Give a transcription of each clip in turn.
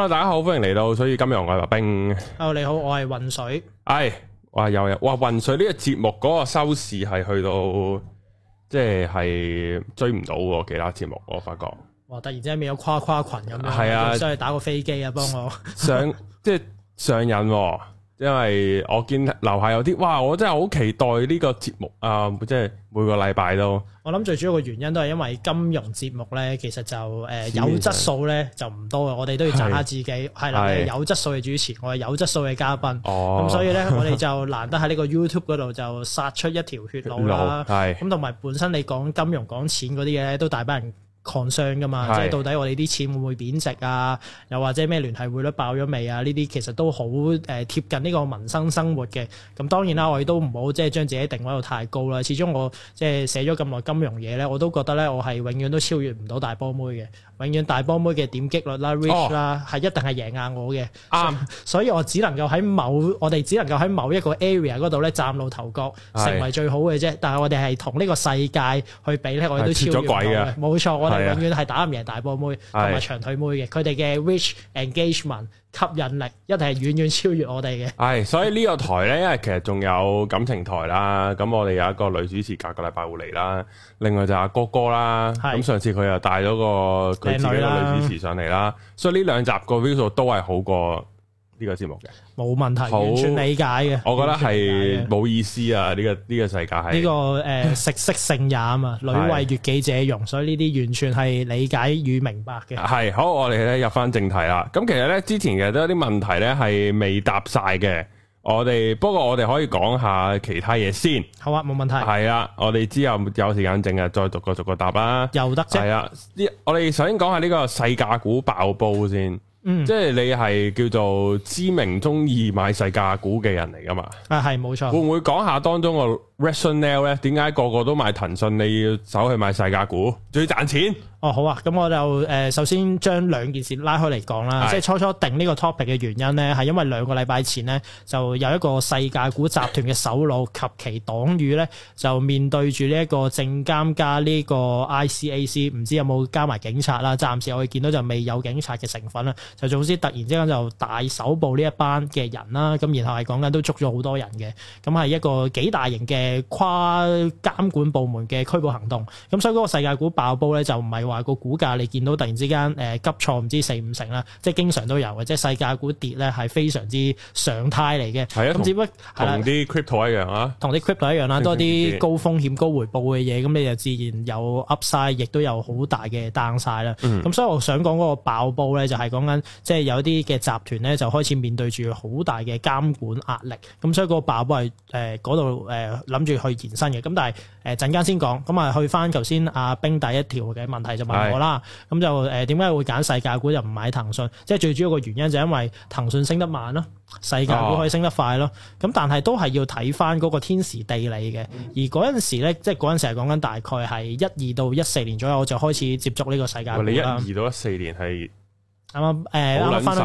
hello，大家好，歡迎嚟到，所以今日我係白兵。hello，你好，我係渾水。係、哎、哇，又有哇，渾水呢個節目嗰個收視係去到，即係追唔到其他節目，我發覺。哇！突然之間有跨跨群咁樣，係啊，想去打個飛機啊，幫我上，即係上癮、啊。 因為我見樓下有啲，哇！我真係好期待呢個節目啊、呃，即係每個禮拜都。我諗最主要嘅原因都係因為金融節目咧，其實就誒、呃、有質素咧就唔多，我哋都要讚下自己。係是啦，我是有質素嘅主持，我係有質素嘅嘉賓。哦。咁所以咧，我哋就難得喺呢個 YouTube 嗰度就殺出一條血路啦。係。 咁同埋本身你講金融講錢嗰啲嘢咧，都大把人。抗傷㗎嘛，即係到底我哋啲錢會唔會貶值啊？又或者咩聯繫匯率爆咗未啊？呢啲其實都好誒、呃、貼近呢個民生生活嘅。咁當然啦，我亦都唔好即係將自己定位到太高啦。始終我即係寫咗咁耐金融嘢咧，我都覺得咧我係永遠都超越唔到大波妹嘅。永遠大波妹嘅點擊率啦、reach 啦，係一定係贏硬我嘅。啱、um.，所以我只能夠喺某，我哋只能夠喺某一個 area 嗰度咧，嶄露頭角，成為最好嘅啫。是但係我哋係同呢個世界去比咧，我都超咗鬼到嘅。冇錯，我哋永遠係打唔贏大波妹同埋的長腿妹嘅，佢哋嘅 reach engagement。吸引力一定係遠遠超越我哋嘅，係、哎、所以呢個台咧，因為其實仲有感情台啦，咁 我哋有一個女主持隔個禮拜會嚟啦，另外就阿哥哥啦，咁是上次佢又帶咗個佢自己個女主持上嚟啦，啦所以呢兩集個 view 都係好過。呢個節目嘅冇問題，好完全理解嘅。我覺得係冇意思啊！呢、這個呢、這個世界係呢、這個誒、呃、食色性也啊嘛， 女為悅己者容，所以呢啲完全係理解與明白嘅。係好，我哋咧入翻正題啦。咁其實咧之前其實都有啲問題咧係未答晒嘅。我哋不過我哋可以講下其他嘢先。好啊，冇問題。係啊，我哋之後有時間整啊，再逐個逐個答啊。又得啫。係啊，我哋首先講下呢個細價股爆煲先。嗯，即係你係叫做知名中意買細價股嘅人嚟噶嘛？啊，係冇錯，錯會唔會講下當中個？rationale 咧，點解個個都買騰訊？你要走去買細價股，最賺錢。哦，好啊，咁我就誒、呃，首先將兩件事拉開嚟講啦，的即係初初定呢個 topic 嘅原因咧，係因為兩個禮拜前呢，就有一個細價股集團嘅首腦及其黨羽咧，就面對住呢一個證監加呢個 ICAC，唔知有冇加埋警察啦？暫時我哋見到就未有警察嘅成分啦，就總之突然之間就大搜捕呢一班嘅人啦，咁然後係講緊都捉咗好多人嘅，咁係一個幾大型嘅。跨監管部門嘅拘捕行動，咁所以嗰個細價股爆煲咧，就唔係話個股價你見到突然之間誒急挫唔知四五成啦，即係經常都有，或者細價股跌咧係非常之常態嚟嘅。係啊、嗯，咁只不過同啲 crypto 一樣啊，同啲 crypto 一樣啦，多啲高風險高回報嘅嘢，咁你就自然有 upside，亦都有好大嘅 downside 啦。咁所以我想講嗰個爆煲咧，就係講緊即係有啲嘅集團咧，就開始面對住好大嘅監管壓力，咁所以嗰個爆煲係誒嗰度誒。諗住去延伸嘅，咁但係誒陣間先講，咁啊去翻頭先阿兵第一條嘅問題就問我啦，咁是的 就誒點解會揀細價股又唔買騰訊？即係最主要個原因就因為騰訊升得慢囉，細價股可以升得快咯。咁、哦、但係都係要睇翻嗰個天時地利嘅。而嗰陣時咧，即係嗰陣時係講緊大概係一二到一四年左右我就開始接觸呢個細價股啦。你 1, 1, 剛剛一二到一四年係啱啱誒啱啱翻到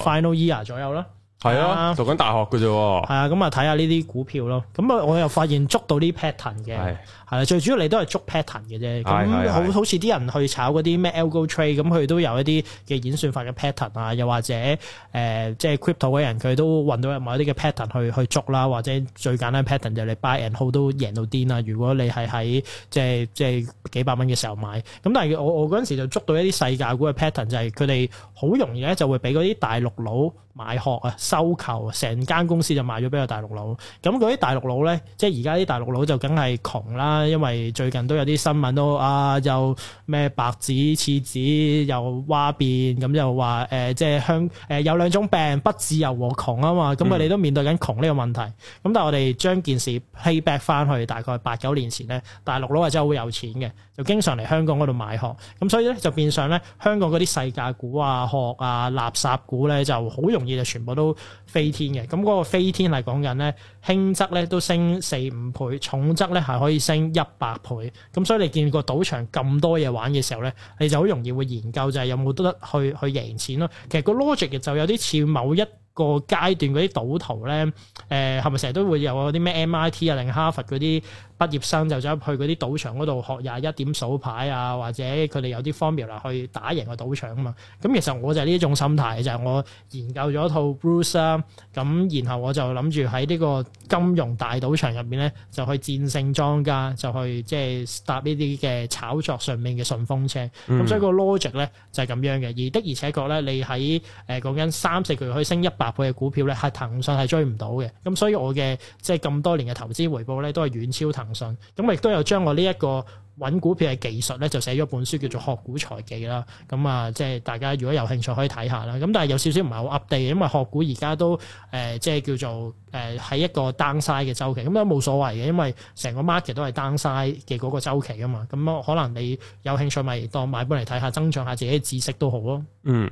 final year 左右啦。係啊，讀緊大學嘅啫喎。係啊，咁啊睇下呢啲股票咯。咁啊，我又發現捉到啲 pattern 嘅。係係啦，最主要你都係捉 pattern 嘅啫。咁好好似啲人去炒嗰啲咩 algo trade，咁佢都有一啲嘅演算法嘅 pattern 啊，又或者誒、呃，即係 crypto 嘅人佢都揾到一某啲嘅 pattern 去去捉啦，或者最簡單 pattern 就你 buy and hold 都贏到癲啦。如果你係喺即係即係幾百蚊嘅時候買，咁但係我我嗰陣時就捉到一啲細價股嘅 pattern，就係佢哋好容易咧就會俾嗰啲大陸佬買殼啊！收購，成間公司就賣咗俾個大陸佬。咁嗰啲大陸佬咧，即係而家啲大陸佬就梗係窮啦，因為最近都有啲新聞都啊，又咩白紙、廁紙又話變，咁又話誒，即係香誒、呃、有兩種病，不自由和窮啊嘛。咁佢哋都面對緊窮呢個問題。咁、嗯、但係我哋將件事 pay back 翻去大概八九年前咧，大陸佬係真係好有錢嘅，就經常嚟香港嗰度買殼。咁所以咧就變相咧，香港嗰啲細價股啊、殼啊、垃圾股咧就好容易就全部都。飛天嘅，咁、那、嗰個飛天係講緊咧，輕則咧都升四五倍，重則咧係可以升一百倍，咁所以你見過賭場咁多嘢玩嘅時候咧，你就好容易會研究就係有冇得去去贏錢咯。其實個 logic 就有啲似某一。個階段嗰啲賭徒咧，誒係咪成日都會有嗰啲咩 MIT 啊、定哈佛嗰啲畢業生就走去嗰啲賭場嗰度學廿一點數牌啊，或者佢哋有啲 formula 去打贏個賭場啊嘛。咁、嗯、其實我就係呢種心態，就係、是、我研究咗套 Bruce 啦、啊，咁然後我就諗住喺呢個金融大賭場入面咧，就去戰勝莊家，就去即係、就是、搭呢啲嘅炒作上面嘅順風車。咁、嗯、所以個 logic 咧就係咁樣嘅，而的而且確咧，你喺誒講緊三四個月可以升一百。搭配嘅股票咧，係騰訊係追唔到嘅，咁所以我嘅即係咁多年嘅投資回報咧，都係遠超騰訊。咁亦都有將我呢一個揾股票嘅技術咧，就寫咗一本書叫做《學股財技》啦。咁啊，即係大家如果有興趣可以睇下啦。咁但係有少少唔係好 update，因為學股而家都誒、呃，即係叫做誒喺、呃、一個 downside 嘅週期。咁都冇所謂嘅，因為成個 market 都係 downside 嘅嗰個週期啊嘛。咁可能你有興趣咪當買本嚟睇下，增長下自己知識都好咯。嗯。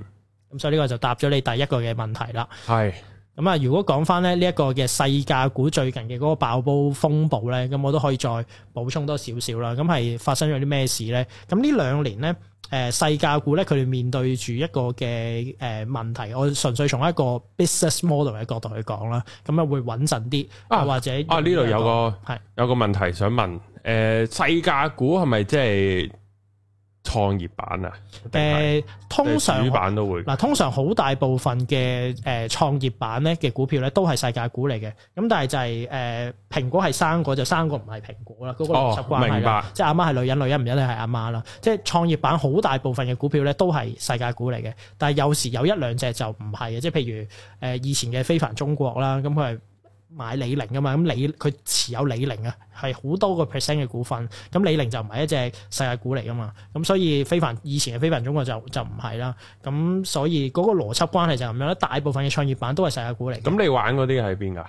咁所以呢個就答咗你第一個嘅問題啦。係是。咁啊，如果講翻咧呢一個嘅細價股最近嘅嗰個爆煲風暴咧，咁我都可以再補充多少少啦。咁係發生咗啲咩事咧？咁呢兩年咧，誒細價股咧，佢哋面對住一個嘅誒問題，我純粹從一個 business model 嘅角度去講啦。咁啊會穩陣啲啊，或者啊呢度、啊、有個係是有個問題想問誒、呃、細價股係咪即係？創業板啊？誒、呃，通常主板都會嗱、呃，通常好大部分嘅誒、呃、創業板咧嘅股票咧都係細價股嚟嘅。咁但係就係、是、誒、呃，蘋果係生果就生果，唔係蘋果啦。嗰、那個唔相關㗎。哦、即係阿媽係女人，女人唔一定係阿媽，媽啦。即係創業板好大部分嘅股票咧都係細價股嚟嘅。但係有時有一兩隻就唔係嘅，即係譬如誒、呃、以前嘅非凡中國啦，咁佢係。買李寧吖嘛？咁李佢持有李寧啊，係好多個 percent 嘅股份。咁李寧就唔係一隻細價股嚟噶嘛。咁所以非凡以前嘅非凡中國就就唔係啦。咁所以嗰個邏輯關係就係咁樣啦。大部分嘅創業板都係細價股嚟。咁你玩嗰啲係邊噶？誒、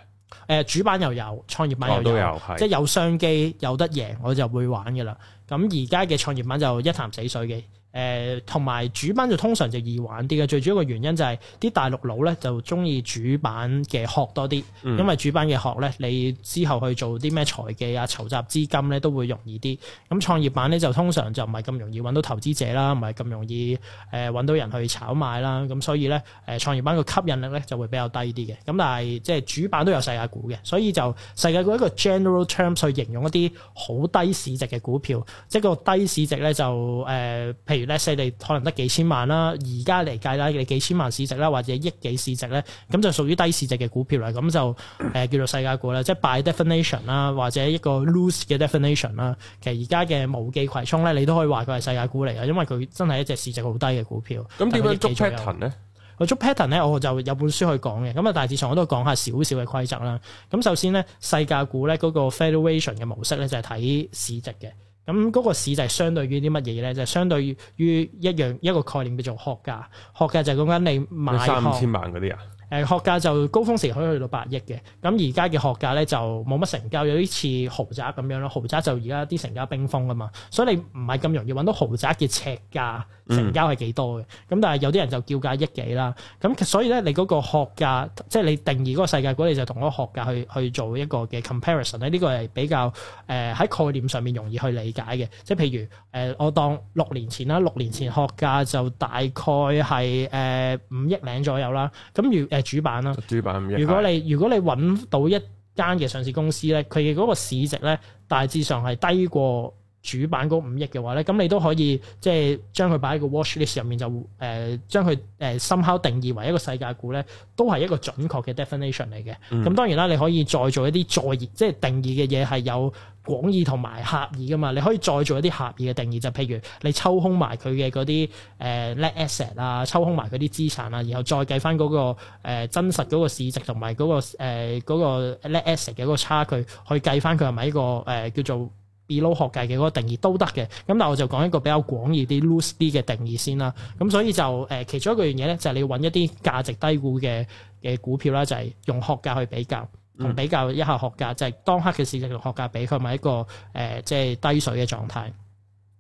呃，主板又有創業板又有，又有哦、都有，即係有商機有得贏我就會玩噶啦。咁而家嘅創業板就一潭死水嘅。誒同埋主板就通常就易玩啲嘅，最主要個原因就係啲大陸佬咧就中意主板嘅殼多啲，嗯、因為主板嘅殼咧，你之後去做啲咩財技啊、籌集資金咧都會容易啲。咁創業板咧就通常就唔係咁容易揾到投資者啦，唔係咁容易誒揾到人去炒賣啦。咁所以咧誒創業板個吸引力咧就會比較低啲嘅。咁但係即係主板都有細價股嘅，所以就細價股一個 general terms 去形容一啲好低市值嘅股票，即係個低市值咧就誒、呃、譬如。你可能得幾千萬啦，而家嚟計咧，你幾千萬市值啦，或者億幾市值咧，咁就屬於低市值嘅股票啦。咁就誒叫做細價股啦，即係 by definition 啦，或者一個 loose 嘅 definition 啦。其實而家嘅毛記葵涌咧，你都可以話佢係細價股嚟嘅，因為佢真係一隻市值好低嘅股票。咁點樣捉 pattern 咧？我捉 pattern 咧，我就有本書去講嘅。咁啊，大致上我都講下少少嘅規則啦。咁首先咧，細價股咧嗰個 valuation 嘅模式咧就係睇市值嘅。咁嗰個市就係相對於啲乜嘢咧？就係、是、相對於一樣一個概念叫做細價，細價就係講緊你買你三五千萬嗰啲啊。誒學價就高峰時可以去到八億嘅，咁而家嘅學價咧就冇乜成交，有啲似豪宅咁樣咯。豪宅就而家啲成交冰封啊嘛，所以你唔係咁容易揾到豪宅嘅尺價成交係幾多嘅？咁、嗯、但係有啲人就叫價億幾啦。咁所以咧，你嗰個學價，即、就、係、是、你定義嗰個世界股，你就同嗰個學價去去做一個嘅 comparison 咧。呢、這個係比較誒喺概念上面容易去理解嘅。即係譬如誒，我當六年前啦，六年前學價就大概係誒五億零左右啦。咁如誒主板啦，主板五億。如果你如果你揾到一間嘅上市公司咧，佢嘅嗰個市值咧大致上係低過主板嗰五億嘅話咧，咁你都可以即係、就是、將佢擺喺個 watchlist 入面，就誒、呃、將佢誒 somehow 定義為一個細價股咧，都係一個準確嘅 definition 嚟嘅。咁、嗯、當然啦，你可以再做一啲再熱，即係定義嘅嘢係有。廣義同埋狹義噶嘛，你可以再做一啲狹義嘅定義，就譬如你抽空埋佢嘅嗰啲誒叻 asset 啊，抽空埋佢啲資產啊，然後再計翻嗰、那個、呃、真實嗰個市值同埋嗰個誒嗰、呃那個叻 asset 嘅嗰個差距，去計翻佢係咪一個誒、呃、叫做 below 學價嘅嗰個定義都得嘅。咁但係我就講一個比較廣義啲 loose 啲嘅定義先啦。咁所以就誒、呃、其中一個樣嘢咧，就係、是、你揾一啲價值低估嘅嘅股票啦，就係、是、用學價去比較。同比較一下學價，就係、是、當刻嘅市值同學價比，佢咪一個誒、呃，即係低水嘅狀態。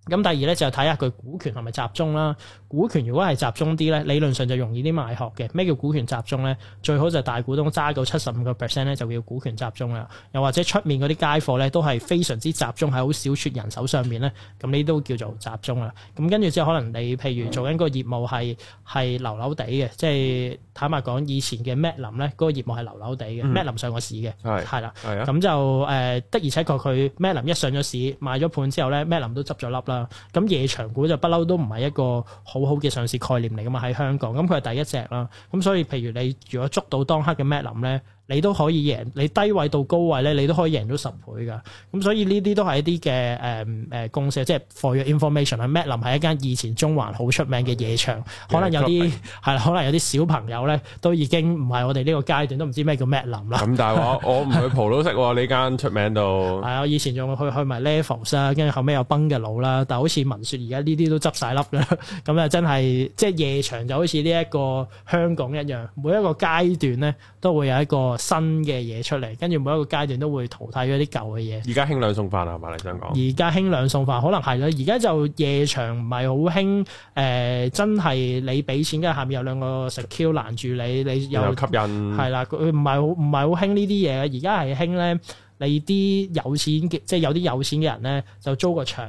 咁第二咧，就睇下佢股權係咪集中啦。股權如果係集中啲咧，理論上就容易啲賣學嘅。咩叫股權集中咧？最好就大股東揸到七十五個 percent 咧，就叫股權集中啦。又或者出面嗰啲街貨咧，都係非常之集中喺好少撮人手上面咧，咁呢都叫做集中啦。咁跟住之後，可能你譬如做緊嗰個業務係流流地嘅，即係坦白講，以前嘅麥林咧，嗰個業務係流流地嘅。麥林上個市嘅，係啦，咁就誒，的而且確佢麥林一上咗市，買咗盤之後咧，麥林都執咗粒啦。咁夜場股就不嬲都唔係一個好。好嘅上市概念嚟㗎嘛？喺香港，咁佢係第一隻啦。咁所以，譬如你如果捉到當刻嘅 Mac 林咧。你都可以贏，你低位到高位咧，你都可以贏到十倍噶。咁、嗯、所以呢啲都係一啲嘅誒誒公司，即係 for your information，係麥林係一間以前中環好出名嘅夜場，可能有啲係啦，可能有啲小朋友咧都已經唔係我哋呢個階段，都唔知咩叫麥林啦。咁但係我我唔去蒲都識喎、啊，呢間 出名度。係啊、 嗯，以前仲去去埋 levels 啊，跟住後尾又崩嘅腦啦。但係好似文説而家呢啲都執晒笠啦。咁 啊真係即係夜場就好似呢一個香港一樣，每一個階段咧都會有一個。新嘅嘢出嚟，跟住每一個階段都會淘汰咗啲舊嘅嘢。而家興兩送飯係嘛？你想講？而家興兩送飯，可能係啦。而家就夜場唔係好興，誒、呃，真係你俾錢，跟住下面有兩個食 Q 攔住你，你又吸引係啦。佢唔係好唔係好興呢啲嘢。而家係興咧，你啲有錢嘅，即係有啲有錢嘅人咧，就租個場。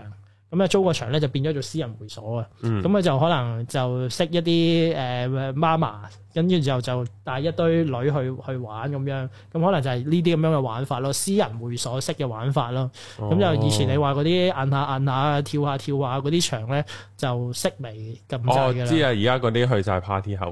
咁咧租個場咧就變咗做私人會所啊！咁啊就可能就識一啲誒媽媽，跟住之後就帶一堆女去去玩咁樣，咁可能就係呢啲咁樣嘅玩法咯，私人會所識嘅玩法咯。咁就、哦、以前你話嗰啲摁下摁下、跳下跳下嗰啲場咧，就識微撳掣、哦、我知啊，而家嗰啲去晒 party h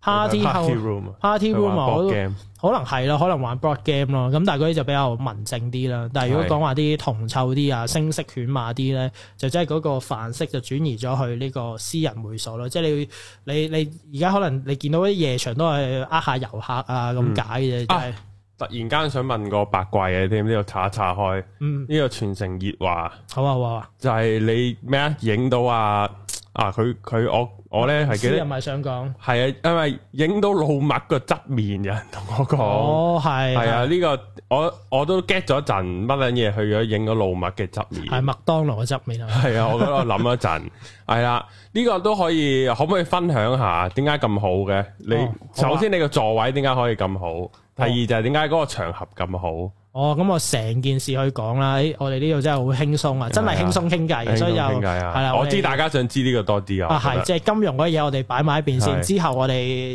party room party room 啊也，可能係咯，可能玩 board game 咯，咁但係嗰啲就比較文靜啲啦。但係如果講話啲銅臭啲啊、聲色犬馬啲咧，就真係嗰個範式就轉移咗去呢個私人會所咯。即、就、係、是、你你你而家可能你見到啲夜場都係呃下遊客、嗯、啊咁解嘅嘢係。突然間想問個八卦嘅、啊，點呢個查一查開？嗯，呢個全城熱話。好啊，好啊。就係你咩啊？影到啊啊佢佢我我咧係幾？又唔係想講？係啊，因為影到老麥個側面，有人同我講。哦，係。係啊，呢個我我都 get 咗陣，乜撚嘢去咗影到老麥嘅側面。係麥當勞嘅側面。係啊，我喺度諗一陣。係啦、 啊，呢、這個都可以，可唔可以分享下？點解咁好嘅？你、哦、首先你個座位點解可以咁好？第二就係點解嗰個場合咁好？哦，咁、嗯、我成件事去講啦，我哋呢度真係好輕鬆啊，真係輕鬆傾偈，的所以就，係啦的。我知大家想知呢個多啲啊，係即係金融嗰嘢，我哋擺埋一邊先，的之後我哋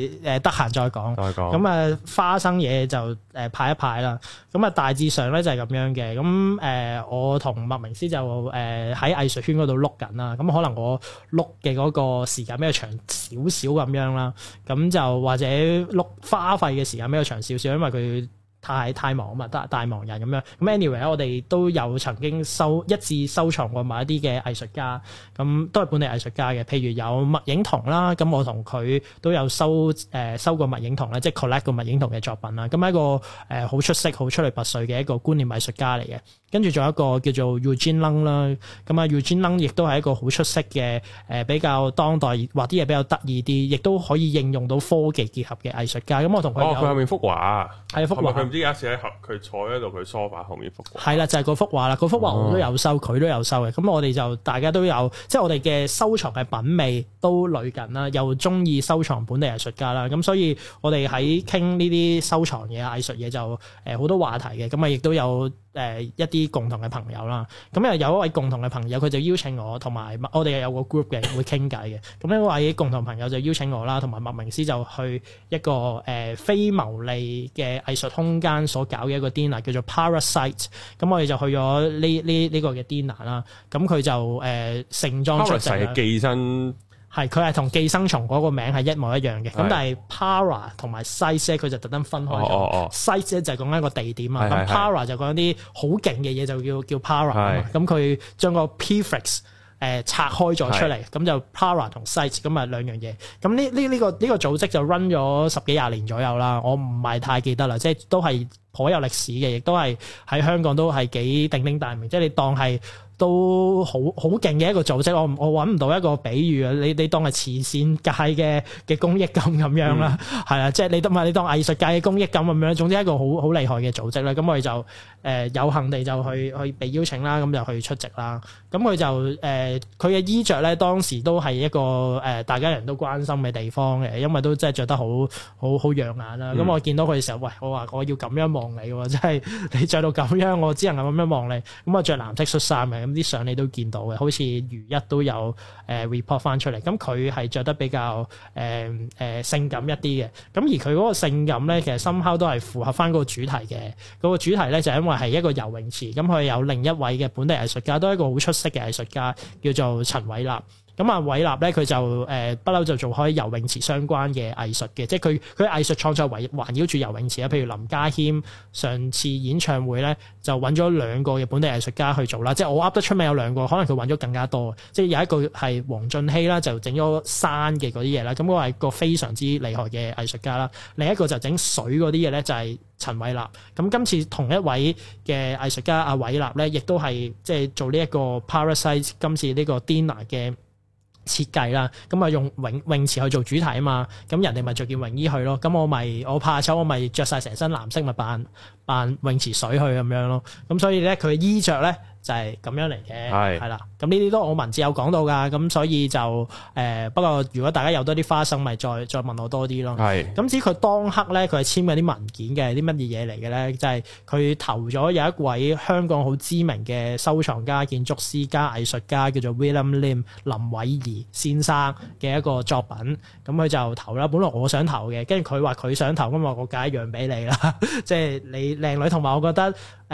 誒、呃、得閒再講。再講咁啊，花生嘢就誒派一派啦。咁啊，大致上咧就係咁樣嘅。咁誒、呃，我同麥明詩就誒喺藝術圈嗰度碌緊啦。咁可能我碌嘅嗰個時間比較長少少咁樣啦。咁就或者碌花費嘅時間比較長少少，因為佢。太太忙啊嘛，大大忙人咁樣。咁 anyway 我哋都有曾經收一致收藏過埋一啲嘅藝術家，咁都係本地藝術家嘅。譬如有麥影彤啦，咁我同佢都有收誒、呃、收過麥影彤咧，即係 collect 過麥影彤嘅作品啦。咁一個誒好、呃、出色、好出類拔萃嘅一個觀念藝術家嚟嘅。跟住仲有一個叫做 Eugene Lung、e、啦，咁啊 Eugene Lung 亦都係一個好出色嘅誒、呃、比較當代或啲嘢比較得意啲，亦都可以應用到科技結合嘅藝術家。咁我同佢哦，佢後面幅畫係幅畫。啊是啲阿 Sir 佢坐喺度，佢梳化後面幅畫，係啦，就係嗰幅畫啦。嗰幅畫我都有收，佢都有收嘅。咁我哋就大家都有，即係我哋嘅收藏嘅品味都類近啦，又中意收藏本地藝術家啦。咁所以，我哋喺傾呢啲收藏嘢、藝術嘢就誒好多話題嘅。咁啊，亦都有。誒、呃、一啲共同嘅朋友啦，咁又有一位共同嘅朋友，佢就邀請我同埋我哋有個 group 嘅會傾偈嘅，咁呢位共同朋友就邀請我啦，同埋麥明詩就去一個誒、呃、非牟利嘅藝術空間所搞嘅一個 dinner 叫做 parasite，咁我哋就去咗呢呢呢個嘅 dinner 啦，咁佢就誒盛裝出席。Parasite，寄生。係，佢係同寄生蟲嗰個名係一模一樣嘅，咁的但係 para 同埋 site 佢就特登分開咗。哦哦哦。site 咧就講緊一個地點啊，咁的 para 就講啲好勁嘅嘢就叫叫 para 的。係。咁佢將個 prefix 誒、呃、拆開咗出嚟，咁的就 para 同 site，咁啊兩樣嘢。咁呢呢呢個呢、呢個組織就 run 咗十幾廿年左右啦，我唔係太記得啦，即係都係。頗有歷史嘅，亦都係喺香港都係幾鼎鼎大名，即係你當係都好好勁嘅一個組織。我我揾唔到一個比喻啊！你你當係慈善界嘅嘅公益咁咁樣啦，係啊、嗯！即係你得唔係你當藝術界嘅公益咁咁樣。總之一個好好厲害嘅組織啦。咁我哋就誒、呃、有幸地就去去被邀請啦，咁就去出席啦。咁佢就誒佢嘅衣着咧，當時都係一個誒、呃、大家人都關心嘅地方嘅，因為都真係着得好好好養眼啦。咁我見到佢嘅時候，喂，我話我要咁樣望。望 你即係你着到咁樣，我只能咁樣望你。咁啊，着藍色恤衫嘅，咁啲相你都見到嘅，好似如一都有誒 report 翻出嚟。咁佢係着得比較誒誒、呃呃、性感一啲嘅。咁、嗯、而佢嗰個性感咧，其實 somehow 都係符合翻嗰個主題嘅。嗰、那個主題咧就因為係一個游泳池。咁、嗯、佢有另一位嘅本地藝術家，都係一個好出色嘅藝術家，叫做陳偉立。咁啊，偉、嗯、立咧，佢就誒不嬲就做開游泳池相關嘅藝術嘅，即係佢佢藝術創作圍環繞住游泳池啊。譬如林家謙上次演唱會咧，就揾咗兩個嘅本地藝術家去做啦。即係我 Up 得出名有兩個，可能佢揾咗更加多。即係有一個係黃進曦啦，就整咗山嘅嗰啲嘢啦。咁、那、嗰個係個非常之厲害嘅藝術家啦。另一個就整水嗰啲嘢咧，就係、是、陳偉立。咁今次同一位嘅藝術家阿偉立咧，亦都係即係做呢一個 Para Site 今次呢個 dinner 嘅。設計啦，咁啊用泳泳池去做主題啊嘛，咁人哋咪着件泳衣去咯，咁我咪我怕醜，我咪着晒成身藍色咪扮扮泳池水去咁樣咯，咁所以咧佢嘅衣着咧。就係咁樣嚟嘅，係啦的。咁呢啲都我文字有講到噶，咁所以就誒、呃。不過如果大家有多啲花生，咪再再問我多啲咯。係的。咁至於佢當刻咧，佢係簽嗰啲文件嘅，啲乜嘢嘢嚟嘅咧？就係、是、佢投咗有一位香港好知名嘅收藏家、建築師加藝術家，叫做 William Lim 林偉儀先生嘅一個作品。咁佢就投啦。本來我想投嘅，跟住佢話佢想投，咁我個價讓俾你啦。即 係你靚女，同埋我覺得。誒喺、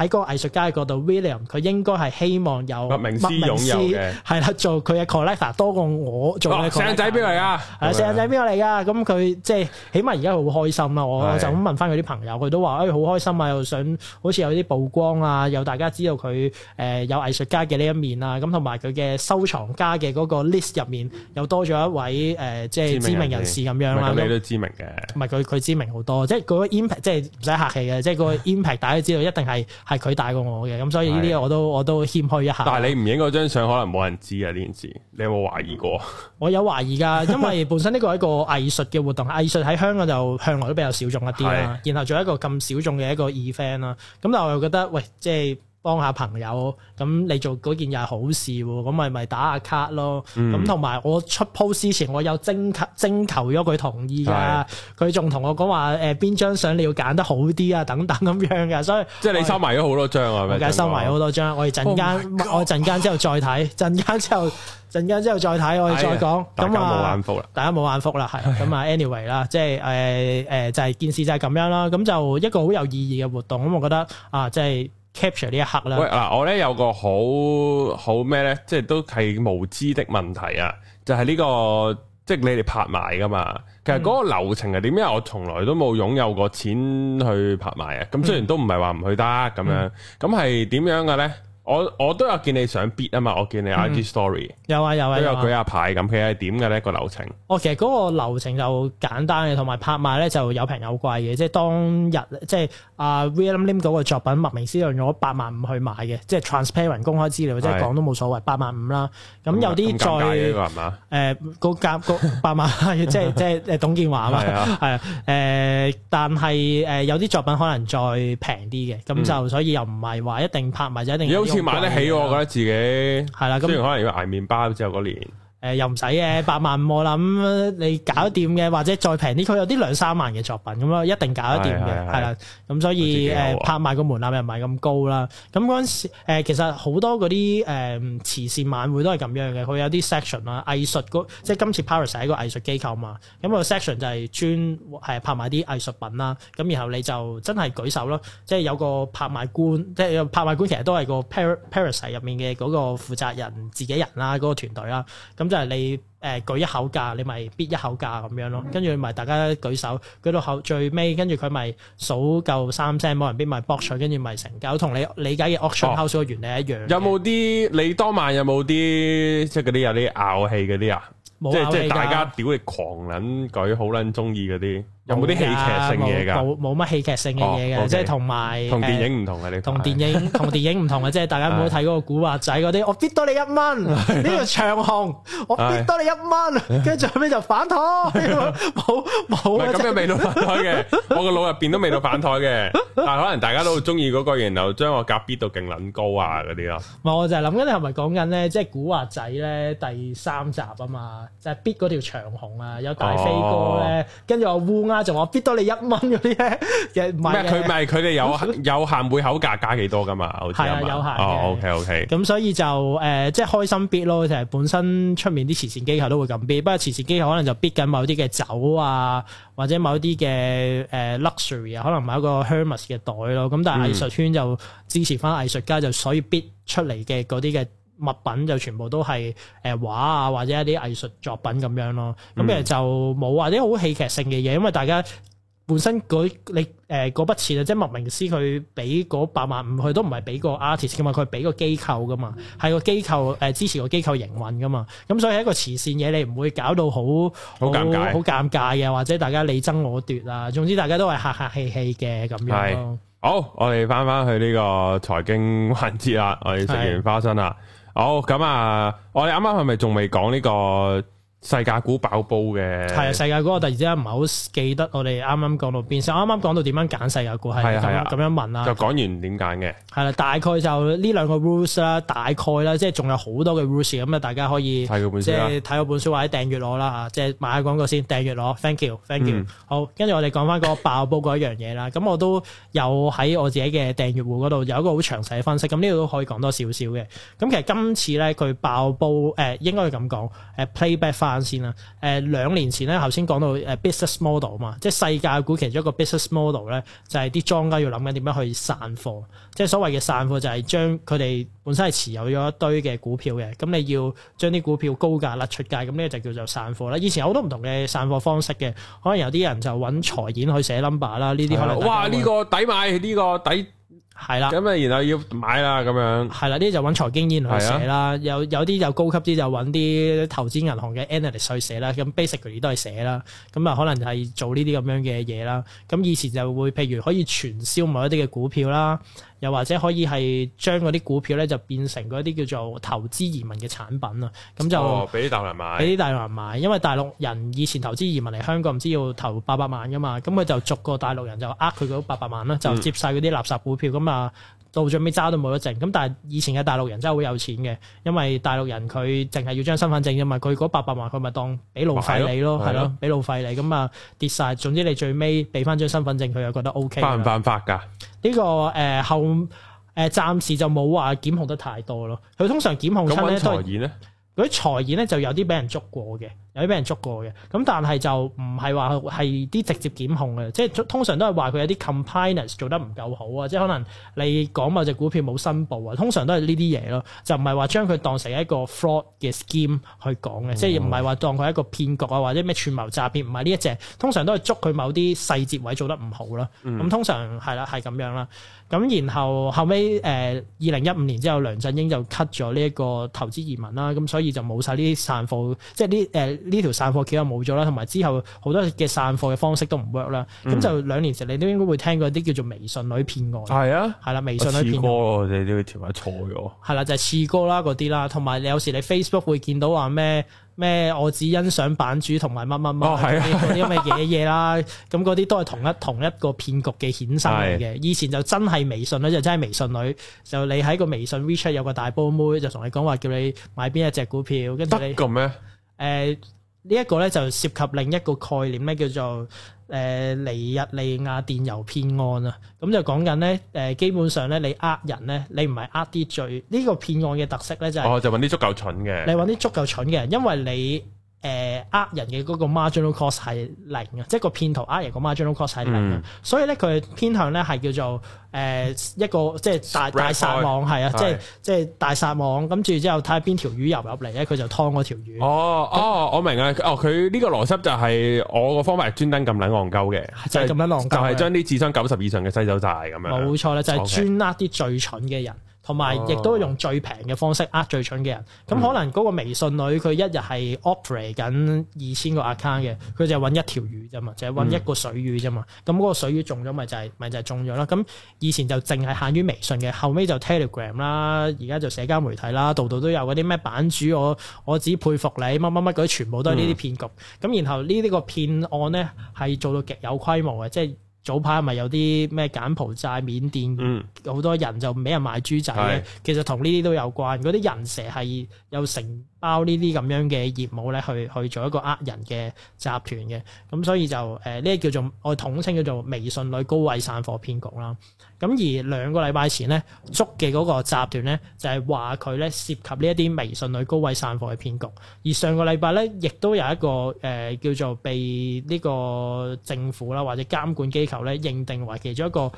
呃、個藝術家嘅角度，William 佢應該係希望有麥明詩擁有嘅，係啦，做佢嘅 collector 多過我做嘅、哦。石仔邊嚟啊？係石仔邊個嚟㗎？咁佢即係起碼而家好開心啦！我就咁問翻佢啲朋友，佢的都話誒好開心啊！又想好似有啲曝光啊，又大家知道佢誒、呃、有藝術家嘅呢一面啊！咁同埋佢嘅收藏家嘅嗰個 list 入面又多咗一位誒，即、呃、係、就是、知名人士咁樣啦。有幾多知名嘅？唔係佢佢知名好多，即係嗰個 impact 即係唔使客氣嘅，即係嗰個 impact 大家知道一。 定係係佢帶過我嘅，咁所以呢啲我都的我都謙虛一下。但係你唔影嗰張相，可能冇人知啊！呢件事，你有冇懷疑過？我有懷疑噶，因為本身呢個係一個藝術嘅活動，藝術喺香港就向來都比較小眾一啲啦。的然後做一個咁小眾嘅一個 event 啦，咁但係我又覺得，喂，即係。幫下朋友，咁你做嗰件又係好事喎，咁咪咪打下卡咯。咁同埋我出 post 之前，我有徵求徵求咗佢同意㗎。佢仲同我講話誒，邊張相你要揀得好啲啊，等等咁樣嘅。所以即係你收埋咗好多張啊，係咪收埋好多張？我哋陣間我陣間之後再睇，陣間之後陣間之後再睇，我哋再講。大家冇眼福啦，大家冇眼福啦，係咁啊。Anyway 啦，即係誒誒，就係件事就係咁樣啦。咁就一個好有意義嘅活動。咁我覺得啊，即係。capture 呢一刻啦。喂，嗱、啊，我咧有個好好咩咧，即係都係無知的問題啊，就係、是、呢、這個即係你哋拍賣噶嘛，其實嗰個流程係點樣？因為我從來都冇擁有，有過錢去拍賣啊，咁雖然都唔係話唔去得、啊、咁樣，咁係點樣嘅咧？我我都有見你想 bid 啊嘛，我見你 IG story 有啊、嗯、有啊，有啊都有舉下牌咁。佢實係點嘅咧一個流程？哦，其實嗰個流程就簡單嘅，同埋拍賣咧就有平有貴嘅。即、就、係、是、當日即係啊 William Lim 嗰個作品，莫、就是 uh, 名其妙咗八萬五去買嘅。即、就、係、是、transparent 公開資料即者講都冇所謂，八萬五啦。咁有啲再誒個價個八萬，即係即係董建華嘛，係啊誒、 啊嗯，但係誒、呃、有啲作品可能再平啲嘅，咁就所以又唔係話一定拍賣就一定、嗯。要買得起，我覺得自己係啦雖然可能要捱麪包之後嗰年。誒、呃、又唔使嘅，八萬五我諗你搞得掂嘅，或者再平啲，佢有啲兩三萬嘅作品咁咯，一定搞得掂嘅，係啦。咁的、嗯、所以誒、啊呃、拍賣個門檻又唔係咁高啦。咁嗰陣時、呃、其實好多嗰啲誒慈善晚會都係咁樣嘅，佢有啲 section 啦，藝術即係今次 Paris 係一個藝術機構嘛。咁、嗰個 section 就係專係拍賣啲藝術品啦。咁然後你就真係舉手咯，即係有個拍賣官，即係拍賣官其實都係個 Paris 入面嘅嗰個負責人自己人啦，嗰、嗰個團隊啦，咁。嗯、就係、是、你誒、呃、舉一口價，你咪 bid 一口價咁樣咯，跟住咪大家舉手舉到最後最尾，跟住佢咪數夠三聲，冇人 bid 咪博，跟住咪成交，同你理解嘅 auction house 拋數嘅原理一樣。哦，有冇啲你當晚有冇啲即係嗰啲有啲咬氣嗰啲啊？即係即係大家屌你狂捻舉，好捻中意嗰啲。有冇啲戲劇性嘢噶？冇冇乜戲劇性嘅嘢嘅，即係同埋同電影唔同嘅。你同電影同電影唔同嘅，即係大家冇睇嗰個古惑仔嗰啲，我 bid 多你一蚊，呢個長虹，我 bid 多你一蚊，跟住後尾就反台，冇冇咁樣未到反台嘅。我個腦入邊都未到反台嘅，但係可能大家都好中意嗰個，然後將我夾 bid 到勁撚高啊嗰啲咯。唔係，我就係諗緊你係咪講緊咧，即係古惑仔咧第三集啊嘛，就係 bid 嗰條長虹啊，有大飛哥咧，跟住我烏鴉。仲話逼 i 多你一蚊嗰啲咧，唔係佢，唔係佢哋有 有限會口價加幾多噶嘛？係啊，有限嘅。O K O K。咁所以就誒、呃，即係開心 bid 咯，就係本身出面啲慈善機構都會咁逼，不過慈善機構可能就逼 i 緊某啲嘅酒啊，或者某啲嘅誒 luxury 啊，呃、Lux ury, 可能買個 hermes 嘅袋咯。咁但係藝術圈就支持翻藝術家，就所以 b 出嚟嘅嗰啲嘅。物品就全部都係誒、呃、畫啊，或者一啲藝術作品咁樣咯。咁嘅、嗯、就冇或者好戲劇性嘅嘢，因為大家本身嗰你誒嗰筆錢啊，即係麥明詩佢俾嗰百萬蚊，佢都唔係俾個 artist 嘅嘛，佢係俾個機構嘅嘛，係個機構誒、呃、支持個機構營運嘅嘛。咁所以係一個慈善嘢，你唔會搞到好好尷尬嘅，或者大家你爭我奪啊。總之大家都係客客氣氣嘅咁樣咯。好，我哋翻返去呢個財經環節啦。我哋食完花生啦。是好咁啊！我哋啱啱係咪仲未講呢個？細價股爆煲嘅，係啊！細價股我突然之間唔係好記得我剛剛，我哋啱啱講到邊先，啱啱講到點樣揀細價股係咁樣咁樣問樣啊，就講完點揀嘅，係啦，大概就呢兩個 rules 啦，大概啦，即係仲有好多嘅 rules 咁啊，大家可以睇本即係睇個本書，本書或者訂閱我啦吓，即係買下廣告先，訂閱我，thank you，thank you，, Thank you.、嗯、好，跟住我哋講翻個爆煲嗰一樣嘢啦，咁 我都有喺我自己嘅訂閱戶嗰度有一個好詳細嘅分析，咁呢度都可以講多少少嘅，咁其實今次咧佢爆煲誒、呃，應該係咁講誒，playback 先啦，誒兩年前咧，頭先講到誒 business model 啊嘛，即係世界股其中一個 business model 咧，就係啲莊家要諗緊點樣去散貨，即係所謂嘅散貨就係將佢哋本身係持有咗一堆嘅股票嘅，咁你要將啲股票高價甩出街，咁呢個就叫做散貨啦。以前有好多唔同嘅散貨方式嘅，可能有啲人就揾財演去寫 number 啦，呢啲可能。哇！呢個抵買，呢個抵。係啦，咁啊，然後要買啦，咁樣的。係啦，呢啲就揾財經演去寫啦，有有啲就高級啲就揾啲投資銀行嘅 analyst 去寫啦，咁 basically 都係寫啦，咁啊，可能係做呢啲咁樣嘅嘢啦，咁以前就會譬如可以傳銷某一啲嘅股票啦。又或者可以係將嗰啲股票咧，就變成嗰啲叫做投資移民嘅產品啊！咁就俾啲、哦、大陸人買，俾啲大陸人買，因為大陸人以前投資移民嚟香港，唔知要投八百萬噶嘛，咁佢就逐個大陸人就呃佢嗰八百萬啦，就接晒嗰啲垃圾股票咁啊！嗯到最尾揸都冇得剩，咁但係以前嘅大陸人真係好有錢嘅，因為大陸人佢淨係要張身份證啫嘛，佢嗰八百萬佢咪當俾路費你咯，係咯，俾路費你咁啊跌晒，總之你最尾俾翻張身份證佢又覺得 OK。犯唔犯法噶？呢個、呃、後、呃、暫時就冇話檢控得太多咯，佢通常檢控親咧都嗰啲財演咧就有啲俾人捉過嘅。有俾人捉過嘅，咁但係就唔係話係啲直接檢控嘅，即係通常都係話佢有啲 companies 做得唔夠好啊，即係可能你講某隻股票冇申報啊，通常都係呢啲嘢咯，就唔係話將佢當成一個 fraud 嘅 scheme 去講嘅，哦、即係唔係話當佢係一個騙局啊或者咩串謀詐騙，唔係呢一隻，通常都係捉佢某啲細節位做得唔好啦，咁、嗯、通常係啦，係咁樣啦，咁然後後尾誒二零一五年之後，梁振英就 cut 咗呢一個投資移民啦，咁所以就冇晒呢啲散貨，即係啲誒。呃呢條散貨橋又冇咗啦，同埋之後好多嘅散貨嘅方式都唔 work 啦，咁、嗯、就兩年前，你都應該會聽過啲叫做微信女騙案。係啊、嗯，係啦，微信女騙。似哥，你啲條碼錯咗。係啦，就係次哥啦嗰啲啦，同埋你有時你 Facebook 會見到話咩咩，我只欣賞版主同埋乜乜乜，嗰啲咁嘅嘢嘢啦，咁嗰啲都係同一同一個騙局嘅衍生嚟嘅。的以前就真係微信女，就真係微信女，就你喺個微信 WeChat 有個大波妹，就同你講話叫你買邊一隻股票，跟住你咩？誒。欸呢一個咧就涉及另一個概念咧，叫做誒、呃、尼日利亞電郵騙案啊，咁就講緊咧誒，基本上咧你呃人咧，你唔係呃啲罪。呢、這個騙案嘅特色咧就係、是，哦就揾啲足夠蠢嘅，你揾啲足夠蠢嘅人，因為你。誒呃人嘅嗰個 marginal cost 係零啊，即係個騙徒呃人個 marginal cost 係零啊，所以咧佢偏向咧係叫做誒一個即係大大撒網係啊，即係即係大撒網，跟住之後睇下邊條魚入入嚟咧，佢就劏嗰條魚。哦哦，我明啊，哦佢呢個邏輯就係我個方法專登咁撚戇鳩嘅，就係咁撚戇鳩，就係將啲智商九十以上嘅篩走曬咁樣。冇錯啦，就係專呃啲最蠢嘅人。同埋，亦都用最平嘅方式呃最蠢嘅人。咁、嗯、可能嗰個微信女，佢一日係 operate 緊二千個 account 嘅，佢就揾一條魚啫嘛，就係揾一個水魚啫嘛。咁嗰、嗯嗯嗰個水魚中咗，咪就係、係、咪就係、係、中咗啦。咁以前就淨係限於微信嘅，後尾就 Telegram 啦，而家就社交媒體啦，度度都有嗰啲咩版主，我我只佩服你乜乜乜嗰啲，全部都係呢啲騙局。咁、嗯、然後呢啲個騙案咧係做到極有規模嘅，即係。早排咪有啲咩柬埔寨、緬甸，好多人就俾人賣豬仔咧，的其實同呢啲都有關。嗰啲人蛇係有成。包呢啲咁樣嘅業務咧，去去做一個呃人嘅集團嘅，咁所以就誒呢、呃，這個叫做我統稱叫做微信女高位散貨騙局啦。咁而兩個禮拜前咧，捉嘅嗰個集團咧就係話佢咧涉及呢一啲微信女高位散貨嘅騙局，而上個禮拜咧亦都有一個誒、呃、叫做被呢個政府啦或者監管機構咧認定為其中一個。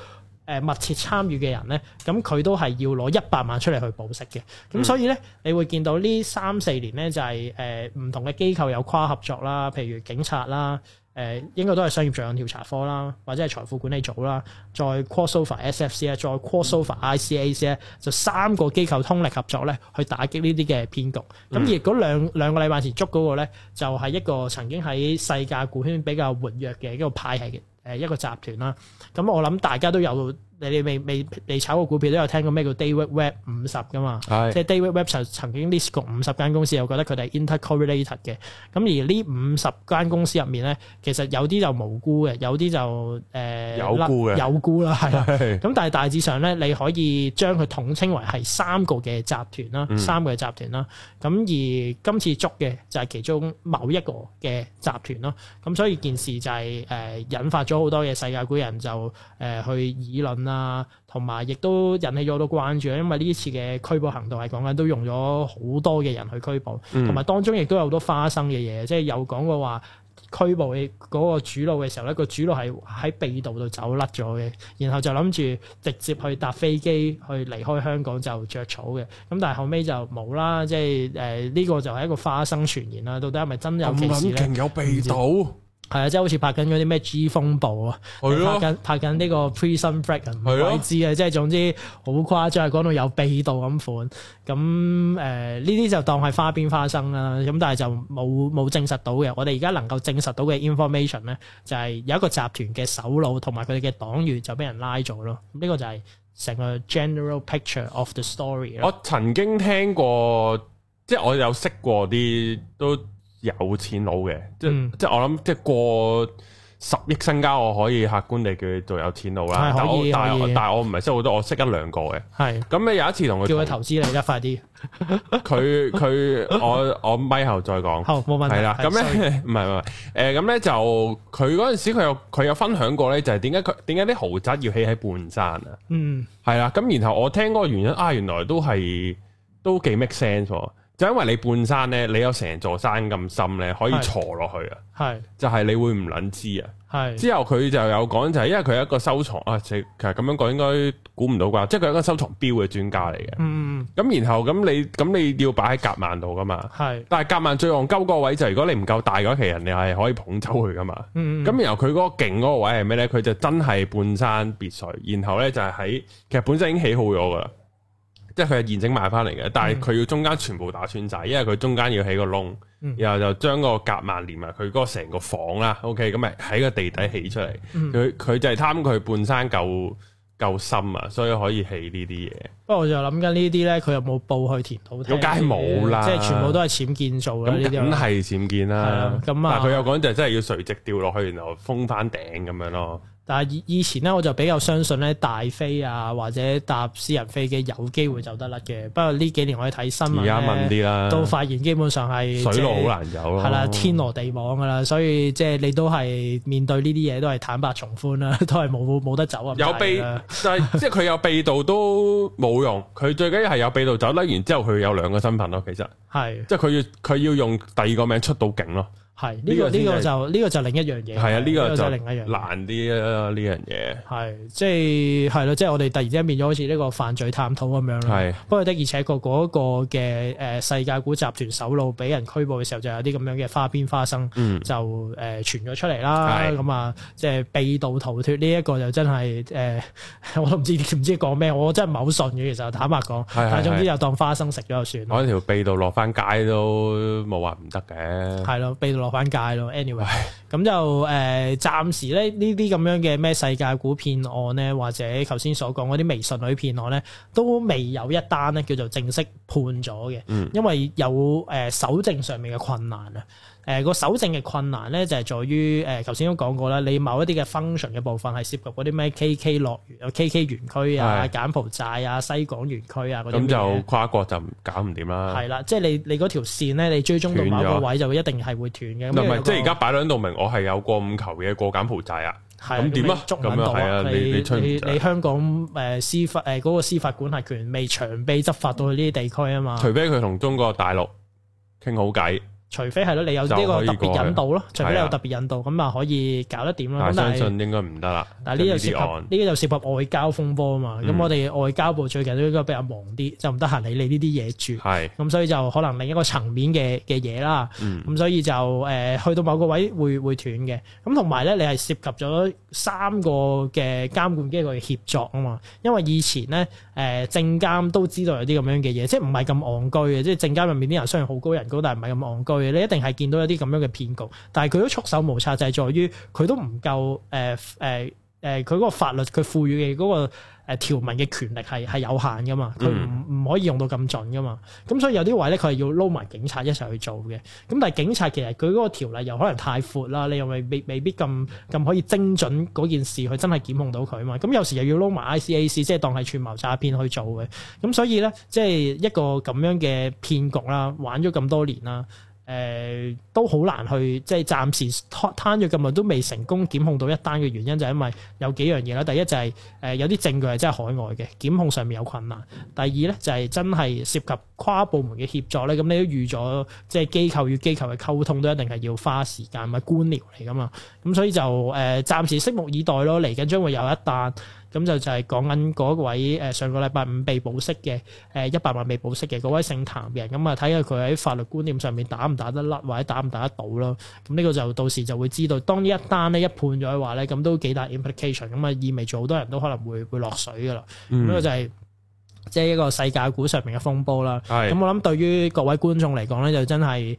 誒密切參與嘅人咧，咁佢都係要攞一百萬出嚟去保釋嘅。咁、嗯、所以咧，你會見到呢三四年咧就係誒唔同嘅機構有跨合作啦，譬如警察啦，誒、呃、應該都係商業罪案調查科啦，或者係財富管理組啦，再 cross over SFC 咧，再 cross over ICAC 咧，就、嗯、三個機構通力合作咧，去打擊呢啲嘅騙局。咁、嗯、而嗰兩兩個禮拜前捉嗰個咧，就係、是、一個曾經喺世界股圈比較活躍嘅一個派系嘅。誒一個集團啦，咁我諗大家都有。你哋未未未炒過股票都有聽過咩叫 David Webb 五十噶嘛？係是，即係 David Webb 曾經經 list 過五十間公司，又覺得佢哋 intercorrelated 嘅。咁而呢五十間公司入面咧，其實有啲就無辜嘅，有啲就誒、呃、有辜嘅有辜啦，係，咁是但係大致上咧，你可以將佢統稱為係三個嘅集團啦，嗯、三個嘅集團啦。咁而今次捉嘅就係其中某一個嘅集團咯。咁所以件事就係誒引發咗好多嘅世界古人就誒去議論啦。啊，同埋亦都引起咗好多關注，因為呢一次嘅拘捕行動係講緊都用咗好多嘅人去拘捕，同埋、嗯、當中亦都有好多花生嘅嘢，即係有講過話拘捕嘅嗰個主腦嘅時候咧，個主腦係喺秘道度走甩咗嘅，然後就諗住直接去搭飛機去離開香港就着草嘅。咁但係後尾就冇啦，即係誒呢個就係一個花生傳言啦，到底係咪真有其事咧？有秘道。係啊，即係、 就是、好似拍緊嗰啲咩 G 風暴啊的，拍緊拍緊呢個 Prison Break，啊的，未知啊，即係的總之好誇張，講到有秘道咁款。咁誒呢啲就當係花邊花生啦。咁但係就冇冇證實到嘅。我哋而家能夠證實到嘅 information 咧，就係有一個集團嘅首腦同埋佢哋嘅黨員就俾人拉咗咯。呢、這個就係成個 general picture of the story。我曾經聽過，即係我有識過啲都。有錢佬嘅，即即我諗即過十億身家，我可以客觀地叫佢做有錢佬啦。但係但係我唔係識好多，我識得一兩個嘅。係咁你有一次同佢叫佢投資你啦，快啲。佢佢我我咪後再講。好，冇問題。係啦，咁咧唔係唔係誒，咁咧就佢嗰陣時佢有佢有分享過咧，就係點解佢點解啲豪宅要起喺半山啊？嗯，係啦。咁然後我聽嗰個原因啊，原來都係都幾 make sense 喎。就因為你半山咧，你有成座山咁深咧，可以坐落去啊。係是，就係你會唔撚知啊？係是。之後佢就有講，就係因為佢一個收藏啊，其實咁樣講應該估唔到啩。即係佢一個收藏錶嘅專家嚟嘅。嗯。咁然後咁你咁你要擺喺夾萬度噶嘛？係是。但係夾萬最戇鳩個位就係如果你唔夠大嘅話，其實你係可以捧走佢噶嘛？嗯、嗯。咁然後佢嗰個勁嗰個位係咩咧？佢就真係半山別墅，然後咧就係喺其實本身已經起好咗噶啦。即係佢係現整買翻嚟嘅，但係佢要中間全部打穿仔，因為佢中間要起個窿，然後就將個夾萬連埋佢嗰成個房啦。OK，咁咪喺個地底起出嚟。佢佢、嗯、就係貪佢半山夠夠深啊，所以可以起呢啲嘢。不過我就諗緊呢啲咧，佢有冇報去填土？梗係冇啦，即係全部都係僭建做嘅呢啲。咁係僭建啦。咁啊，啊但佢有講就真係要垂直掉落去，然後封翻頂咁樣咯。但係以前咧，我就比較相信咧，大飛啊或者搭私人飛機有機會走得甩嘅。不過呢幾年我哋睇新聞而家問啲啦，都發現基本上係水路好難走咯，係啦，天羅地網㗎啦，所以即係你都係面對呢啲嘢都係坦白從寬啦，都係冇冇得走啊。有，就係，有秘道就係即係佢有秘道都冇用，佢最緊要係有秘道走甩，然之後佢有兩個身份咯，其實係即係佢要佢要用第二個名出到境咯。係呢個呢個就呢個就另一樣嘢。係啊，呢個就另一樣難啲啊呢樣嘢。係即係係咯，即係我哋突然之間變咗好似呢個犯罪探討咁樣。係不過的而且確嗰個嘅誒世界股集團首腦俾人拘捕嘅時候，就有啲咁樣嘅花邊花生，就誒傳咗出嚟啦。咁啊，即係秘道逃脫呢一個就真係誒，我都唔知唔知講咩，我真係唔係好信嘅。其實坦白講，但總之就當花生食咗就算。我喺條秘道落翻街都冇話唔得嘅。係咯，落翻界咯，anyway，咁就誒、呃、暫時咧呢啲咁樣嘅咩世界股騙案咧，或者頭先所講嗰啲微信女騙案咧，都未有一單咧叫做正式判咗嘅，因為有誒搜證上面嘅困難啊。誒個搜證嘅困難咧，就係在於誒，頭先都講過啦。你某一啲嘅 function 嘅部分係涉及嗰啲咩 KK 樂園、KK 園區啊、的柬埔寨啊、西港園區啊嗰啲咁，就跨國就搞唔掂啦。係啦，即係你你嗰條線咧，你追蹤到某個位就一定係會斷嘅。唔係了，即係而家擺兩道明，我係有過五球嘅過柬埔寨啊。咁點的啊？捉唔到啊？你你，你，你，你香港誒司法誒嗰個司法管轄權未長臂執法到去呢啲地區啊嘛？除非佢同中國大陸傾好偈。除非係咯，你有呢個特別引導咯，除非你有特別引導，咁啊可以搞得掂咯。我相信應該唔得啦。但係呢就涉及呢就,及就涉及外交風波啊嘛。咁、嗯、我哋外交部最近都應該比較忙啲，就唔得閒理你呢啲嘢住。係是。咁所以就可能另一個層面嘅嘅嘢啦。嗯。咁所以就誒、呃、去到某個位會會斷嘅。咁同埋咧，你係涉及咗三個嘅監管機構嘅協作啊嘛。因為以前咧誒、呃、證監都知道有啲咁樣嘅嘢，即係唔係咁戇居嘅。即係證監入面啲人雖然好高人高，但係唔係咁戇居，你一定係見到有啲咁樣嘅騙局，但係佢都束手無策就，就係在於佢都唔夠誒誒誒，佢、呃、嗰個法律佢賦予嘅嗰、嗰個誒條文嘅權力係係有限噶嘛，佢唔唔可以用到咁準噶嘛，咁所以有啲位咧，佢係要撈埋警察一齊去做嘅。咁但係警察其實佢嗰個條例又可能太闊啦，你又未未未必咁咁可以精準嗰件事去真係檢控到佢嘛。咁有時又要撈埋 I C A C，即係當係串謀詐騙去做嘅。咁所以咧，即、就、係、係、一個咁樣嘅騙局啦，玩咗咁多年啦。誒、呃、都好難去，即係暫時攤咗咁耐都未成功檢控到一單嘅原因，就係、因為有幾樣嘢啦。第一就係、係、誒、呃、有啲證據係真係海外嘅檢控上面有困難。第二咧就係、係、真係涉及跨部門嘅協助咧，咁你都預咗即係機構與機構嘅溝通都一定係要花時間，咪官僚嚟㗎嘛。咁所以就誒暫、呃、時拭目以待咯，嚟緊將會有一單。咁就就係講緊嗰位誒上個禮拜五被保釋嘅誒一百萬被保釋嘅嗰位姓譚嘅人，咁啊睇下佢喺法律觀念上面打唔打得甩，或者打唔打得到咯。咁呢個就到時就會知道，當呢一單咧一判咗嘅話咧，咁都幾大 implication，咁啊意味住好多人都可能會會落水噶啦，咁啊、嗯、就係、是。即係一個細價股上面嘅風波啦，咁的我諗對於各位觀眾嚟講咧，就真係誒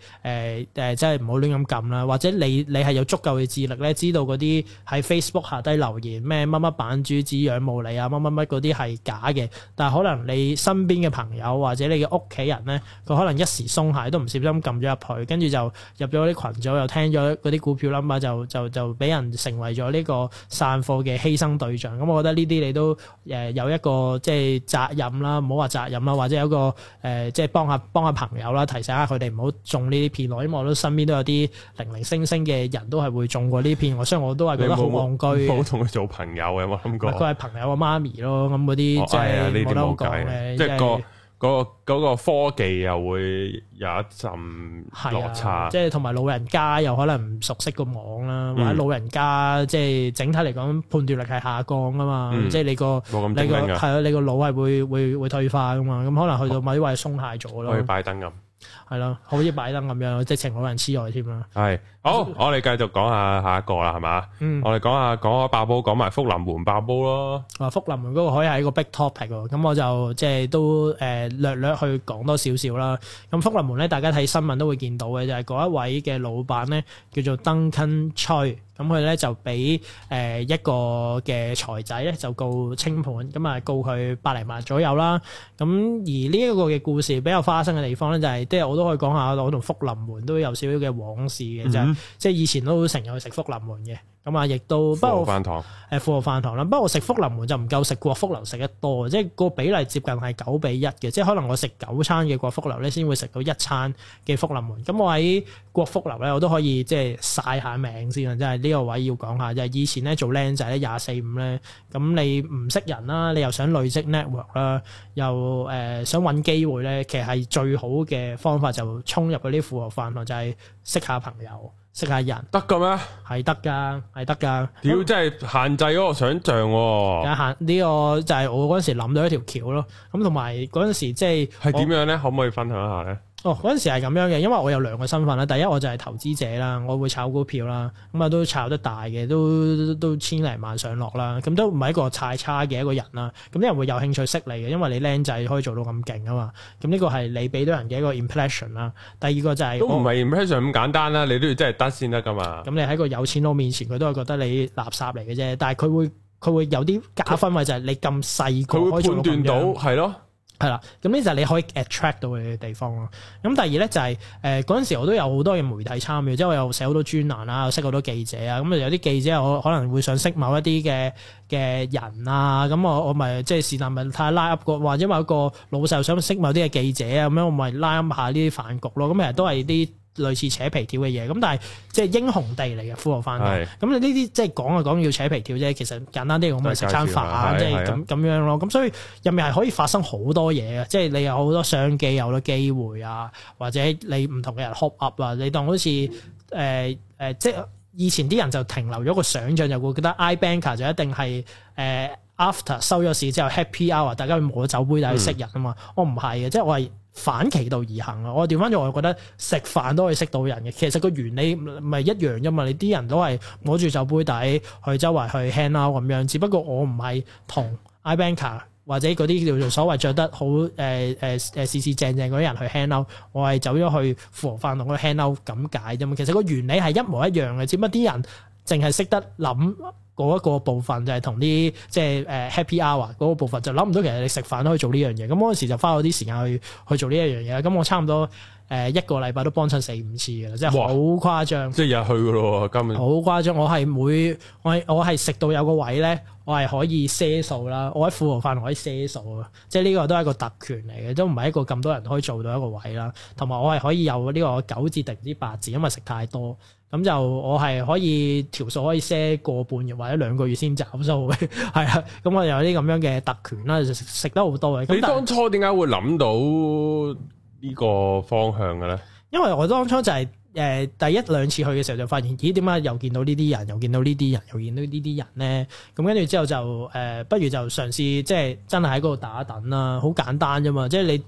誒，即係唔好亂咁撳啦。或者你你係有足夠嘅智力咧，知道嗰啲喺 Facebook 下低留言咩乜乜版主只仰慕你啊乜乜乜嗰啲係假嘅。但係可能你身邊嘅朋友或者你嘅屋企人咧，佢可能一時鬆懈都唔小心撳咗入去，跟住就入咗啲群組，又聽咗嗰啲股票號碼，就就就俾人成為咗呢個散貨嘅犧牲對象。咁我覺得呢啲你都誒有一個即係責任。咁啦，唔好話責任啦，或者有一個誒、呃，即係幫下幫下朋友啦，提醒下佢哋唔好中呢啲片囉。因為我都身邊都有啲零零星星嘅人都係會中過呢啲片，我所以我都係覺得好戇居。好同佢做朋友有冇感覺？佢係朋友嘅媽咪咯，咁嗰啲即係冇得講嘅。哎、即係是嗰個科技又會有一陣落差，啊、即係同埋老人家又可能唔熟悉個網啦，嗯、或者老人家即係整體嚟講判斷力係下降啊嘛，嗯、即係你個你個係啊，你個腦係會會會退化啊嘛，咁可能去到某啲位鬆懈咗咯。可以拜登咁。係咯，好似擺燈咁樣，直情好多人黐我添啦。係，好，我哋繼續講下下一個啦，係嘛？嗯，我哋講下講下爆煲，講埋福臨門爆煲咯。啊，福臨門嗰個可以係一個 big topic 喎，咁我就即係都誒略略去講多少少啦。咁福臨門咧，大家睇新聞都會見到嘅就係嗰一位嘅老闆咧，叫做登肯吹，咁佢咧就俾誒一個嘅財仔咧就告清盤，咁啊告佢百零萬左右啦。咁而呢一個嘅故事比較花生嘅地方咧，就係即係我都。都可以講下我同福臨門都有少少嘅往事嘅，就係、嗯、哼即係以前都成日去食福臨門嘅。咁啊，亦都不過誒富豪飯堂啦，不過我食、呃、福臨門就唔夠食國福樓食得多，即係個比例接近係九比一嘅，即係可能我食九餐嘅國福樓咧，先會食到一餐嘅福臨門。咁我喺國福樓咧，我都可以即係晒下名先，即係呢個位要講下，就係以前咧做靚仔咧廿四五咧，咁你唔識人啦，你又想累積 network 啦，又、呃、誒想揾機會咧，其實係最好嘅方法就衝入嗰啲富豪飯堂，就係、是、識下朋友。識下人得嘅咩？係得噶，係得噶。屌，嗯、真係限制嗰個想象像喎。限呢、呢個就係我嗰時諗到一條橋咯。咁同埋嗰陣時即係係點樣咧？我可唔可以分享一下咧？哦，嗰陣時係咁樣嘅，因為我有兩個身份啦。第一，我就係投資者啦，我會炒股票啦，咁啊都炒得大嘅，都都千零萬上落啦。咁都唔係一個太差嘅一個人啦。咁啲人會有興趣識你嘅，因為你靚仔可以做到咁勁啊嘛。咁呢個係你俾到人嘅一個 impression 啦。第二個就係、是、都唔係 impression 咁簡單啦，哦、你都要真係得先得噶嘛。咁你喺個有錢佬面前，佢都係覺得你垃圾嚟嘅啫。但係佢會佢會有啲假氛圍，就係、是、你咁細個，佢會判斷到係咯。係啦，咁呢就係你可以 attract 到嘅地方咯。咁第二咧就係誒嗰陣時我都有好多嘅媒體參與，即係我又寫好多專欄啦，又識好多記者啊。咁、嗯、啊有啲記者我可能會想識某一啲嘅嘅人啊，咁、嗯、我我咪即係是但咪太拉 Up 過，或者某一個老細又想識某啲嘅記者啊，咁、嗯、樣我咪拉 Up 下呢啲飯局咯。咁、嗯、其實都係啲。類似扯皮條嘅嘢，咁但係即係英雄地嚟嘅，呼我翻。咁你呢啲即係講啊講要扯皮條啫，其實簡單啲，我咪食餐飯，即係咁咁樣咯。咁的、嗯、所以入面係可以發生好多嘢嘅，即係你有好多商機，有好多機會啊，或者你唔同嘅人 hook up 啊，你當好似誒誒，即係以前啲人就停留咗個想像，就會覺得 I banker 就一定係誒、呃、after 收咗市之後 happy hour，大家去摸酒杯啊去、嗯、識人啊嘛。我唔係嘅，即係我係。反其道而行啊！我調翻咗。我又覺得食飯都可以識到人嘅。其實個原理唔係一樣啫嘛。你啲人都係攞住酒杯底去周圍去 hand out 咁樣，只不過我唔係同 IBanker 或者嗰啲叫做所謂着得好誒誒誒四四正正嗰啲人去 hand out，我係走咗去富豪飯堂去 hand out 咁解啫嘛。其實個原理係一模一樣嘅，只不過啲人淨係識得諗。嗰一個部分就係同啲即係誒 Happy Hour 嗰個部分就諗唔到，其實你食飯都可以做呢樣嘢。咁嗰陣時就花咗啲時間去去做呢一樣嘢。咁我差唔多誒一個禮拜都幫襯四五次嘅啦，即係好誇張。即係日去嘅咯，今日好誇張。我係每我係我係食到有個位咧，我係可以賒數啦。我喺富豪飯可以賒數啊，即係呢個都係一個特權嚟嘅，都唔係一個咁多人可以做到一個位啦。同埋我係可以有呢個九字定唔知八字，因為食太多。咁就我係可以條數可以 set 過半月或者兩個月先找數嘅，係啊，咁我有啲咁樣嘅特權啦，食得好多嘅。你當初點解會諗到呢個方向嘅咧？因為我當初就係、是。誒第一兩次去嘅時候就發現，咦點解又見到呢啲人，又見到呢啲人，又見到呢啲人咧。咁跟住之後就誒、呃，不如就嘗試即係真係喺嗰度打一等啦。好簡單啫嘛，即係你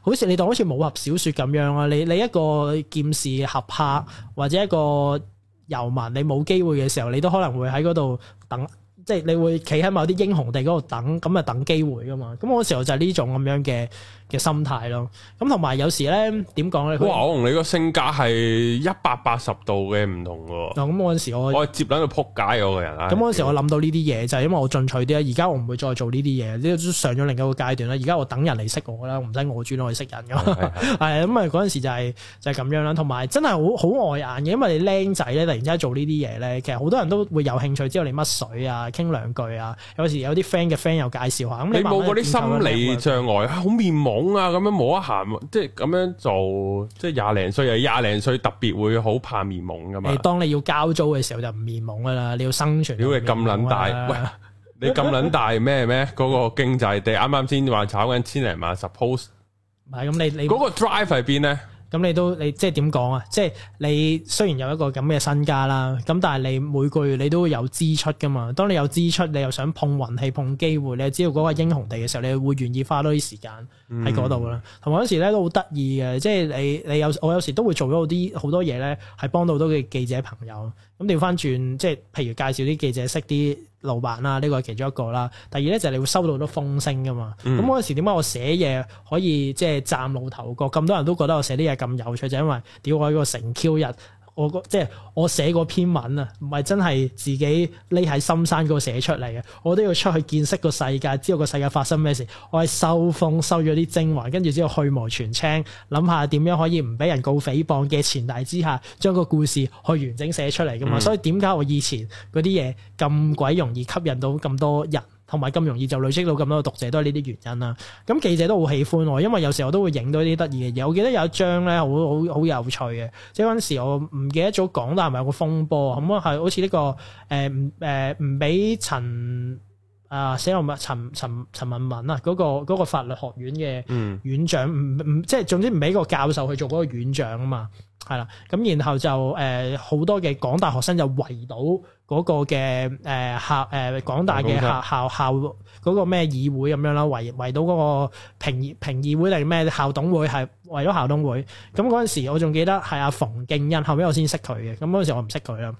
好似你當好似武俠小説咁樣啊。你你一個劍士俠客，或者一個遊民，你冇機會嘅時候，你都可能會喺嗰度等，即係你會企喺某啲英雄地嗰度等，咁啊等機會噶嘛。咁嗰個時候就係呢種咁樣嘅。嘅心態咯，咁同埋有時咧點講咧？呢哇！人我同你個性格係一百八十度嘅唔同喎。嗱咁嗰陣時我，我接撚到仆街嗰個人啦、啊。咁嗰陣時我諗到呢啲嘢就係、是、因為我進取啲啦。而家我唔會再做呢啲嘢，呢啲上咗另一個階段啦。而家我等人嚟識我啦，我唔使我轉我去識人咁。係咁啊嗰陣時就係、是、就係、是、咁樣啦。同埋真係好好礙眼嘅，因為你僆仔咧突然之間做呢啲嘢咧，其實好多人都會有興趣，知道你乜水啊，傾兩句啊。有時有啲 friend 嘅 friend 又介紹下。咁你冇嗰啲心理障礙啊？好面啊！咁樣冇得閒，即係咁樣做，即係廿零歲啊！廿零歲特別會好怕面懵噶嘛。你當你要交租嘅時候就唔面懵噶啦，你要生存。如果你咁撚大，喂！ 你咁撚大咩咩？嗰 個經濟地啱啱先話炒緊千零萬，suppose 唔係咁你你嗰個 drive 喺邊咧？咁你都你即係點講啊？即係你雖然有一個咁嘅身家啦，咁但係你每個月你都會有支出噶嘛。當你有支出，你又想碰運氣、碰機會，你只有嗰個英雄地嘅時候，你會願意花多啲時間喺嗰度啦。嗯、同埋嗰時咧都好得意嘅，即係你你有我有時都會做咗啲好多嘢咧，係幫到好多嘅記者朋友。咁調翻轉，即係譬如介紹啲記者識啲。老闆啦、啊、呢、這個係其中一個啦。第二咧就係、是、你會收到好多風聲㗎嘛。咁嗰、嗯、時點解我寫嘢可以即係、就是、嶄露頭角，咁多人都覺得我寫啲嘢咁有趣，就因為屌我一個成 Q 日。我即係我寫個篇文啊，唔係真係自己匿喺深山嗰度寫出嚟嘅，我都要出去見識個世界，知道個世界發生咩事。我係收風收咗啲精華，跟住之後去蕪存菁，諗下點樣可以唔俾人告誹謗嘅前提之下，將個故事去完整寫出嚟㗎嘛。所以點解我以前嗰啲嘢咁鬼容易吸引到咁多人？同埋咁容易就累積到咁多嘅讀者，都係呢啲原因啦。咁記者都好喜歡我，因為有時候都會影到一啲得意嘅嘢。我記得有一張咧，好好好有趣嘅，即係嗰陣時我唔記得咗講啦，係咪有個風波？咁啊係好似呢個誒誒唔俾陳，啊，寫我物陳陳陳文敏啊，嗰個嗰個法律學院嘅院長，唔唔即係總之唔俾個教授去做嗰個院長啊嘛，係啦，咁然後就誒好、呃、多嘅港大學生就圍到嗰個嘅誒校誒港大嘅校校校嗰個咩議會咁樣啦，圍圍到嗰個評評議會定咩校董會係圍咗校董會，咁嗰陣時我仲記得係阿馮敬恩，後尾我先識佢嘅，咁嗰陣時我唔識佢啊。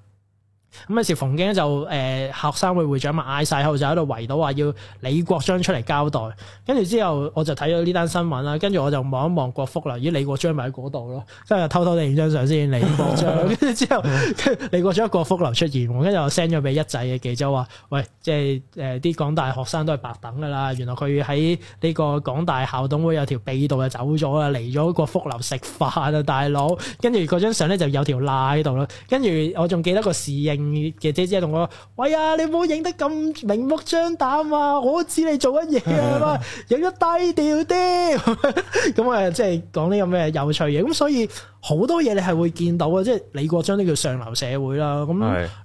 咁嗰時馮經就誒、呃、學生會會長咪嗌晒後就喺度圍到話要李國章出嚟交代，跟住之後我就睇咗呢單新聞啦，跟住我就望一望郭福樓，咦李國章咪喺嗰度咯，跟住就偷偷哋影張相先李國章，跟住 之後 李國章郭福樓出現，跟住我 send 咗俾一仔嘅記者話：，喂，即係誒啲港大學生都係白等噶啦，原來佢喺呢個港大校董會有條秘道就走咗啊，嚟咗個福樓食飯啊大佬，跟住嗰張相咧就有條罅喺度啦，跟住我仲記得個侍應。嘅姐姐同我，喂啊，你唔好影得咁明目張膽啊！我知你做乜嘢啊嘛，影的得低調啲，咁啊，即係講啲咁嘅有趣嘢。咁所以好多嘢你係會見到啊，即係李國章都叫上流社會啦。咁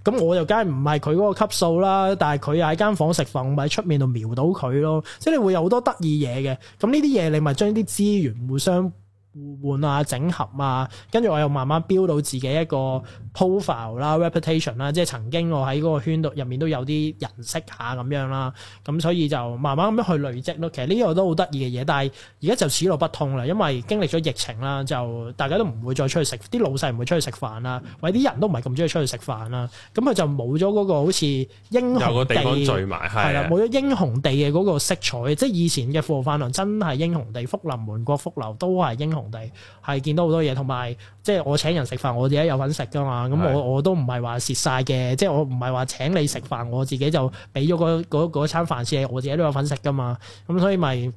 咁的我又梗係唔係佢嗰個級數啦，但係佢又喺間房食飯，我咪喺出面度瞄到佢咯。即係你會有好多得意嘢嘅。咁呢啲嘢你咪將啲資源互相。互換啊，整合啊，跟住我又慢慢標到自己一個 profile 啦、嗯、reputation 啦、啊，即係曾經我喺嗰個圈度入面都有啲人識下咁樣啦、啊，咁所以就慢慢咁樣去累積咯、啊。其實呢個都好得意嘅嘢，但係而家就此路不通啦，因為經歷咗疫情啦，就大家都唔會再出去食，啲老細唔會出去食飯啦、啊，或者啲人都唔係咁中意出去食飯啦、啊，咁佢就冇咗嗰個好似英雄地，有個地方聚埋係啦，冇咗的英雄地嘅嗰個色彩，的即係以前嘅富豪飯堂真係英雄地，福臨門、國福樓都係英雄。係見到好多嘢，同埋即係我請人食飯，我自己有份食噶嘛。咁的我我都唔係話蝕晒嘅，即係我唔係話請你食飯，我自己就俾咗嗰餐飯先，我自己都有份食噶嘛。咁所以咪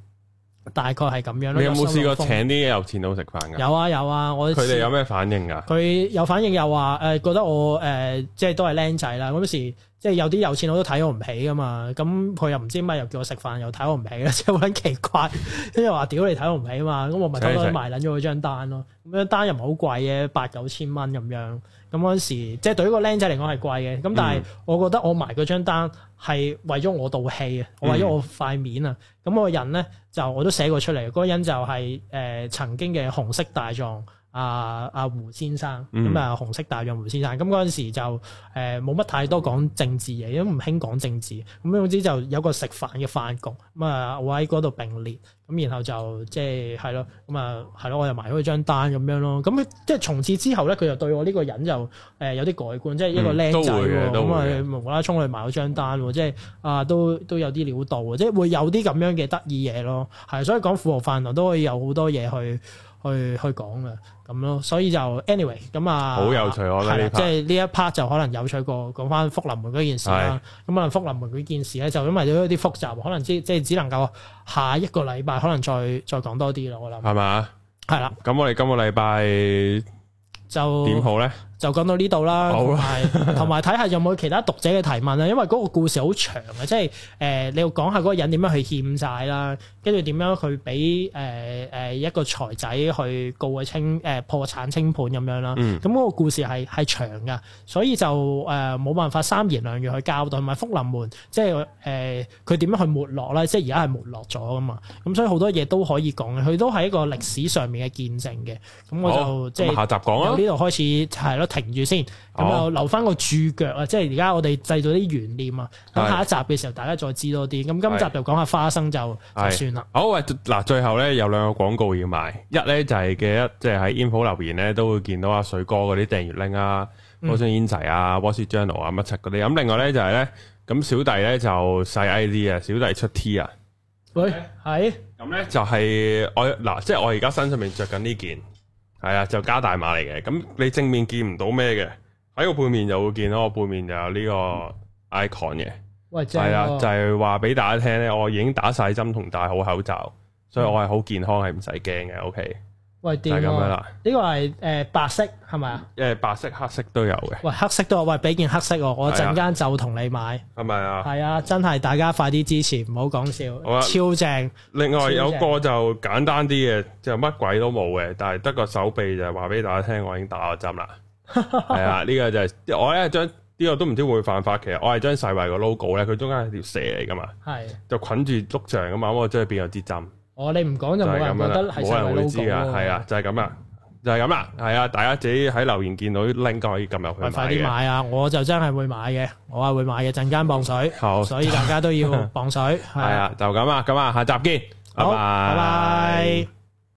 大概係咁樣咯。你有冇試過請啲嘢有錢佬食飯噶？有啊有啊，我佢哋有咩反應噶？佢有反應又話誒，覺得我誒、呃、即係都係靚仔啦。時。即係有啲有錢佬都睇我唔起噶嘛，咁佢又唔知乜又叫我食飯又睇我唔起咧，真係好撚奇怪。跟住話屌你睇我唔起啊嘛，咁我咪偷偷埋撚咗嗰張單咯。咁樣是單又唔係好貴嘅，八九千蚊咁樣。咁嗰陣時，即係對於一個僆仔嚟講係貴嘅。咁但係我覺得我埋嗰張單係為咗我道氣啊，嗯、為我為咗我塊面啊。咁、那、我、個、人咧就我都寫過出嚟，嗰、那個人就係誒曾經嘅紅色大狀。阿阿、啊啊、胡先生，咁、嗯、啊紅色大將胡先生，咁嗰陣時就誒冇乜太多講政治嘢，因為唔興講政治。咁總之就有個食飯嘅飯局，咁啊我喺嗰度並列，咁然後就即係係咯，咁啊係咯，我又埋咗張單咁樣咯。咁即係從此之後咧，佢就對我呢個人就誒、呃、有啲改觀，即係一個靚仔喎。咁啊、嗯、無啦啦衝去埋咗張單，即係啊都都有啲料到，即係會有啲咁樣嘅得意嘢咯。係，所以講富豪飯堂都可以有好多嘢去。去去講啊，咁咯，所以就 anyway 咁啊，好有趣我覺得即係呢一 part 就可能有趣過講翻福臨門嗰件事啦、啊。咁可能福臨門嗰件事咧就因為有一啲複雜，可能只即係只能夠下一個禮拜可能再再講多啲咯，我諗。係咪啊？係啦。咁我哋今個禮拜就點好咧？就講到呢度啦，同埋同埋睇下有冇其他讀者嘅提問啦。因為嗰個故事好長嘅，即係誒、呃、你要講下嗰個人點樣去欠債啦，跟住點樣去俾誒誒一個財仔去告佢清誒、呃、破產清盤咁樣啦。咁嗰、嗰個故事係係長嘅，所以就誒冇辦法三言兩語去交代埋福臨門即係誒佢點樣去沒落啦，即係而家係沒落咗噶嘛。咁所以好多嘢都可以講，佢都係一個歷史上面嘅見證嘅。咁我就、哦、即係是、哦、下集講由呢度開始係咯。就是停住先，咁、嗯、就、哦、留翻個注腳啊！即係而家我哋製造啲懸念啊！咁下一集嘅時候，大家再知多啲。咁是今集就講下花生就是就算啦。好、哦、喂，嗱，最後咧有兩個廣告要賣，一咧就係記得，即係喺 email 留言咧都會見到阿水哥嗰啲訂閱 link 啊，Fortune Insight 啊，Wall Street Journal 啊，乜柒嗰啲。咁另外咧就係、是、咧，咁小弟咧就細 ID 啊，小弟出 T 啊。喂，係是。咁咧就係、是、我嗱，即係我而家身上面着緊呢件。係啊，就加大碼嚟嘅，咁你正面見唔到咩嘅，喺個背面就會見到，個背面就有呢個 icon 嘅，係啊，就係話俾大家聽咧，我已經打晒針同戴好口罩，所以我係好健康，係唔使驚嘅，OK。喂，係咁樣啦，呢個係誒、呃、白色係咪啊？誒、呃、白色黑色都有嘅。喂，黑色都有。喂，俾件黑色，我陣間就同你買。係咪啊？係啊，啊，真係大家快啲支持，唔好講笑，啊、超正。另外正有個就簡單啲嘅，就乜鬼都冇嘅，但係得個手臂就話俾大家聽，我已經打咗針啦。係 啊，呢、這個就係、是、我咧將呢、將、這個都唔知會犯法，其實我係將世衛個 logo 咧，佢中間係條蛇嚟噶嘛，係就捆住竹杖，咁我即係變咗支針。哦，你唔講就冇人覺得係冇人會知㗎，係啊，就係咁啦，就係咁啦，係啊，大家自己喺留言見到啲 link 都可以撳入去買嘅。快啲買啊！我就真係會買嘅，我係會買嘅，陣間磅水。好，所以大家都要磅水。係啊，就咁啊，咁啊，下集見，拜拜，拜拜。